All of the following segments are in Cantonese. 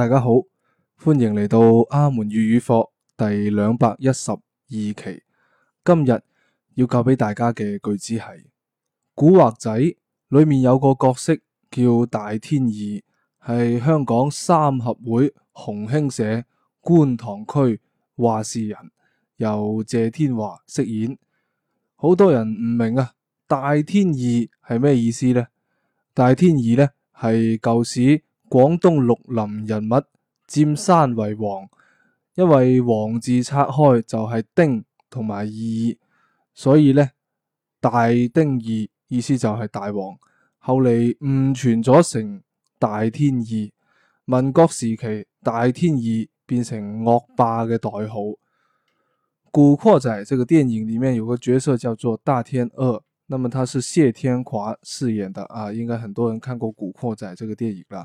大家好，歡迎嚟到阿門粵語課第兩百一十二期。今日要教俾大家嘅句子係《古惑仔》裏面有個角色叫大天二，係香港三合會洪興社觀塘區話事人，由謝天華飾演。好多人唔明啊，大天二係咩意思呢？「大天二呢係舊時廣東綠林人物，占山為王，因為王字拆開就係丁同埋二，所以呢，大丁二意思就係大王。後嚟誤傳咗成大天二，民國時期大天二變成惡霸嘅代號。《古惑仔》這個電影裏面有個角色叫做大天二，那麼他是謝天華飾演的啊，應該很多人看過《古惑仔》這個電影啦。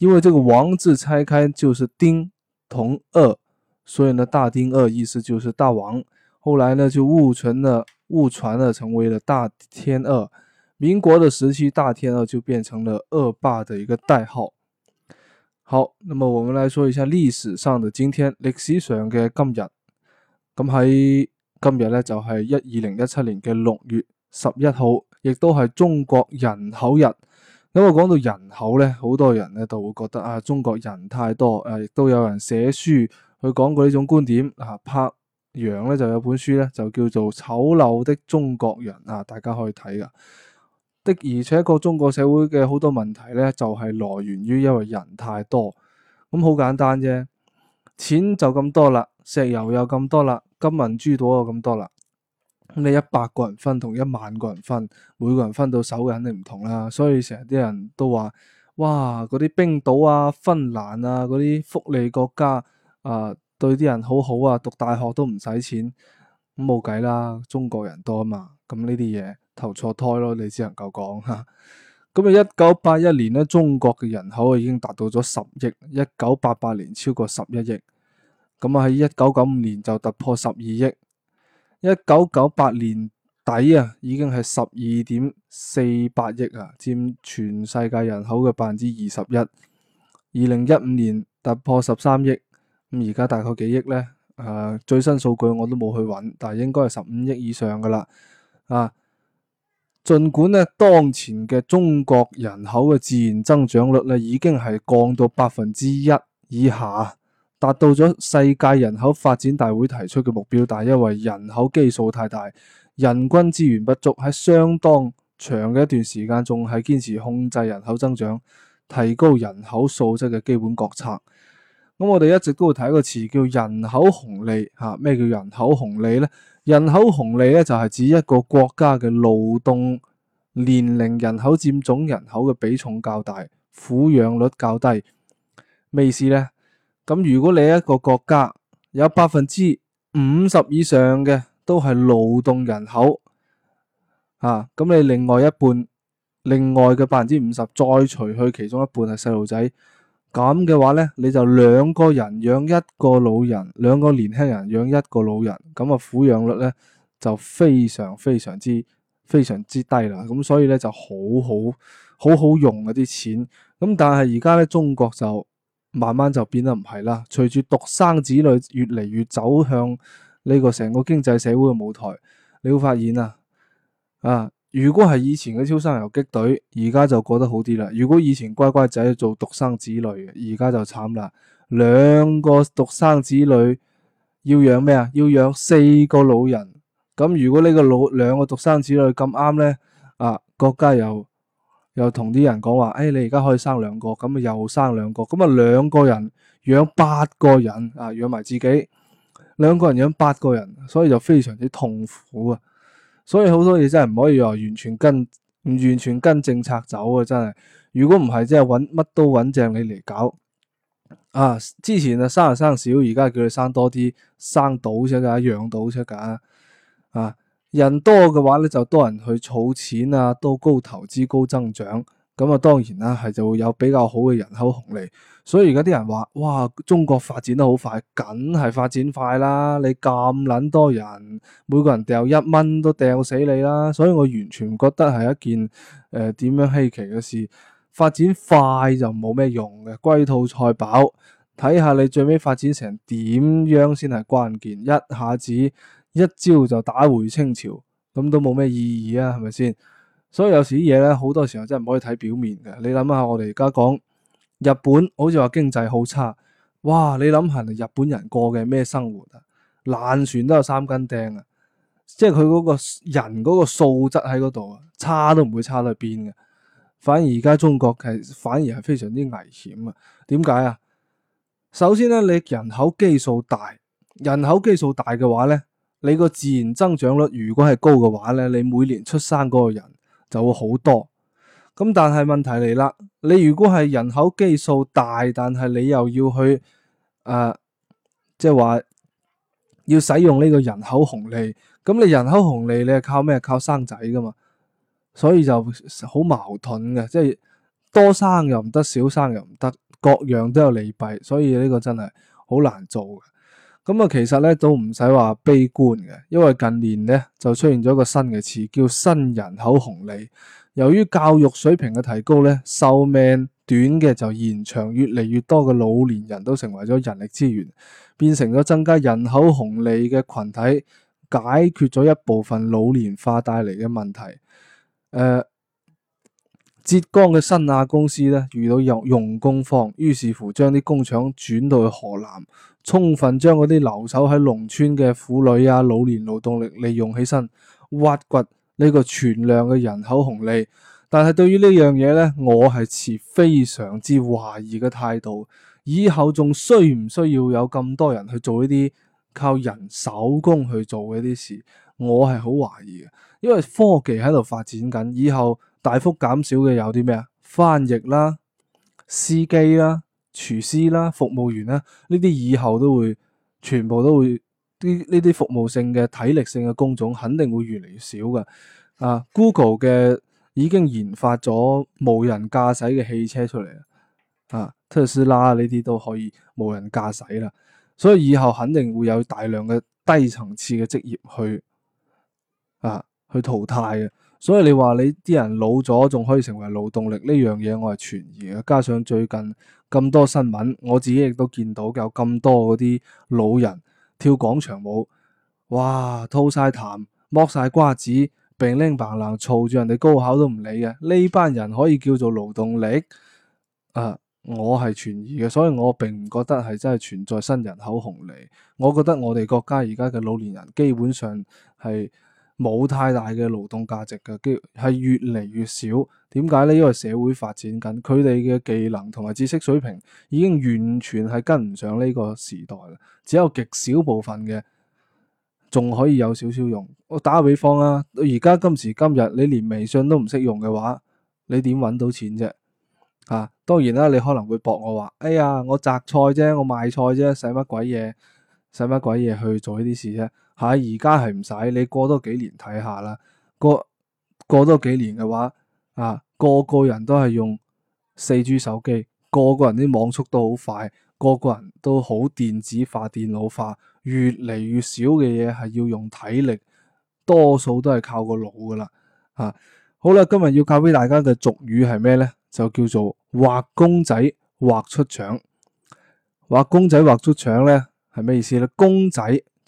因為這個王字拆開就是丁同二，所以呢，大丁二意思就是大王。後來呢，就誤傳了，誤傳了，成為了大天二。民國的時期，大天二就變成了惡霸的一個代號。好，那麼我們來說一下歷史上的今天，歷史上嘅今日。咁喺今日呢，就係一二零一七年嘅六月十一號，亦都係中國人口日。咁我講到人口咧，好多人咧就會覺得啊，中國人太多，誒、啊，亦都有人寫書去講過呢種觀點。啊，柏楊咧就有本書咧就叫做《醜陋的中國人》，啊，大家可以睇噶。的而且個中國社會嘅好多問題咧，就係、是、來源於因為人太多。咁好簡單啫，錢就咁多啦，石油又咁多啦，金銀珠寶又咁多啦。你一百個人分同一萬個人分，每個人分到手嘅肯定唔同啦。所以成日啲人都話：哇，嗰啲冰島啊、芬蘭啊、嗰啲福利國家啊、呃，對啲人好好啊，讀大學都唔使錢。冇計啦，中國人多啊嘛。咁呢啲嘢投錯胎咯，你只能夠講吓。咁啊，一九八一年咧，中國嘅人口已經達到咗十億，一九八八年超過十一億，咁啊喺一九九五年就突破十二億。一九九八年底啊，已經係十二點四八億啊，佔全世界人口嘅百分之二十一。二零一五年突破十三億，咁而家大概幾億咧？誒、啊，最新數據我都冇去揾，但係應該係十五億以上噶啦。啊，盡管呢，當前嘅中國人口嘅自然增長率咧，已經係降到百分之一以下。達到咗世界人口發展大會提出嘅目標，但係因為人口基數太大，人均資源不足，喺相當長嘅一段時間仲係堅持控制人口增長、提高人口素質嘅基本國策。咁我哋一直都會提一個詞叫人口紅利吓。啊，咩叫人口紅利呢？人口紅利咧就係指一個國家嘅勞動年齡人口佔總人口嘅比重較大，撫養率較低。咩意思呢？咁如果你一個國家有百分之五十以上嘅都係勞動人口，啊，咁你另外一半，另外嘅百分之五十再除去其中一半係細路仔，咁嘅話咧，你就兩個人養一個老人，兩個年輕人養一個老人，咁啊撫養率咧就非常非常之非常之低啦。咁所以咧就好好好好用嗰啊啲錢，咁但係而家咧中國就。慢慢就變得唔係啦，隨住獨生子女越嚟越走向呢個成個經濟社會嘅舞台，你會發現啊啊，如果係以前嘅超生游擊隊，而家就過得好啲啦；如果以前乖乖仔做獨生子女，而家就慘啦。兩個獨生子女要養咩啊？要養四個老人。咁如果呢個老兩個獨生子女咁啱咧，啊國家又……又同啲人講話，誒、哎，你而家可以生兩個，咁啊又生兩個，咁啊兩個人養八個人啊，養埋自己，兩個人養八個人，所以就非常之痛苦啊！所以好多嘢真係唔可以話完全跟，唔完全跟政策走啊！真係，如果唔係，真係搵乜都搵正你嚟搞啊！之前啊生啊生少，而家叫你生多啲，生到出㗎，養到出㗎啊！人多嘅話咧，就多人去儲錢啊，都高投資高增長，咁啊當然啦，係就會有比較好嘅人口紅利。所以而家啲人話，哇，中國發展得好快，梗係發展快啦。你咁撚多人，每個人掉一蚊都掉死你啦。所以我完全唔覺得係一件誒點、呃、樣稀奇嘅事。發展快就冇咩用嘅，龜兔賽跑，睇下你最尾發展成點樣先係關鍵。一下子。一朝就打回清朝咁都冇咩意義啊，係咪先？所以有時啲嘢咧，好多時候真係唔可以睇表面嘅。你諗下，我哋而家講日本，好似話經濟好差，哇！你諗下，日本人過嘅咩生活啊？爛船都有三根釘啊！即係佢嗰個人嗰個素質喺嗰度啊，差都唔會差到邊嘅。反而而家中國係反而係非常之危險啊？點解啊？首先咧，你人口基數大，人口基數大嘅話咧。你個自然增長率如果係高嘅話咧，你每年出生嗰個人就會好多。咁但係問題嚟啦，你如果係人口基數大，但係你又要去誒、呃，即係話要使用呢個人口紅利，咁你人口紅利你係靠咩？靠生仔㗎嘛？所以就好矛盾嘅，即係多生又唔得，少生又唔得，各樣都有利弊，所以呢個真係好難做嘅。咁啊，其實咧都唔使話悲觀嘅，因為近年呢就出現咗一個新嘅詞，叫新人口紅利。由於教育水平嘅提高咧，壽命短嘅就延長，越嚟越多嘅老年人都成為咗人力資源，變成咗增加人口紅利嘅群體，解決咗一部分老年化帶嚟嘅問題。誒、呃。浙江嘅新亞公司咧遇到有用工荒，於是乎將啲工廠轉到去河南，充分將嗰啲留守喺農村嘅婦女啊、老年勞動力利用起身，挖掘呢個存量嘅人口紅利。但係對於呢樣嘢咧，我係持非常之懷疑嘅態度。以後仲需唔需要有咁多人去做呢啲靠人手工去做嘅啲事？我係好懷疑嘅，因為科技喺度發展緊，以後。大幅減少嘅有啲咩啊？翻譯啦、司機啦、廚師啦、服務員啦，呢啲以後都會全部都會啲呢啲服務性嘅體力性嘅工種，肯定會越嚟越少嘅啊。啊，Google 嘅已經研發咗無人駕駛嘅汽車出嚟啊，特斯拉呢啲都可以無人駕駛啦。所以以後肯定會有大量嘅低層次嘅職業去啊去淘汰嘅。所以你話你啲人老咗仲可以成為勞動力呢樣嘢，我係存疑嘅。加上最近咁多新聞，我自己亦都見到有咁多嗰啲老人跳廣場舞，哇，吐晒痰，剝晒瓜子，乒鈴嘭唥，嘈住人哋高考都唔理嘅。呢班人可以叫做勞動力？誒、啊，我係存疑嘅，所以我並唔覺得係真係存在新人口紅利。我覺得我哋國家而家嘅老年人基本上係。冇太大嘅勞動價值嘅，叫係越嚟越少。點解呢？因為社會發展緊，佢哋嘅技能同埋知識水平已經完全係跟唔上呢個時代啦。只有極少部分嘅仲可以有少少用。我打個比方啦，而家今時今日，你連微信都唔識用嘅話，你點揾到錢啫？嚇、啊！當然啦，你可能會駁我話，哎呀，我摘菜啫，我賣菜啫，使乜鬼嘢？使乜鬼嘢去做呢啲事啫？係，而家係唔使你過多幾年睇下啦。過過多幾年嘅話，啊，個個人都係用 4G 手機，個個人啲網速都好快，個個人都好電子化、電腦化，越嚟越少嘅嘢係要用體力，多數都係靠個腦噶啦。啊，好啦，今日要教俾大家嘅俗語係咩咧？就叫做畫公仔畫出腸。畫公仔畫出腸咧係咩意思咧？公仔。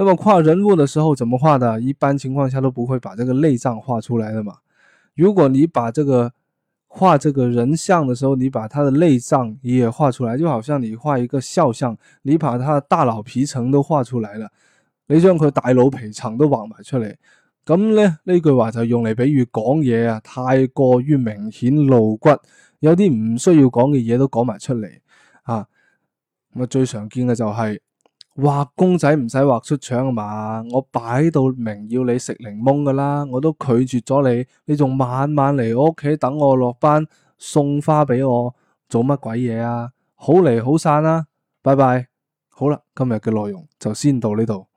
那麼畫人物的時候怎麼畫的？一般情況下都不會把這個內臟畫出來的嘛。如果你把這個畫這個人像的時候，你把他的內臟也畫出來，就好像你畫一個肖像，你把他的大腦皮層都畫出來了，你將佢大腦皮層都畫埋出嚟。咁咧呢句話就用嚟比喻講嘢啊，太過於明顯露骨，有啲唔需要講嘅嘢都講埋出嚟啊。咁啊最常見嘅就係、是。.畫公仔唔使畫出腸啊嘛，我擺到明要你食檸檬噶啦，我都拒絕咗你，你仲晚晚嚟我屋企等我落班送花畀我，做乜鬼嘢啊？好嚟好散啦，啊，拜拜。好啦，今日嘅內容就先到呢度。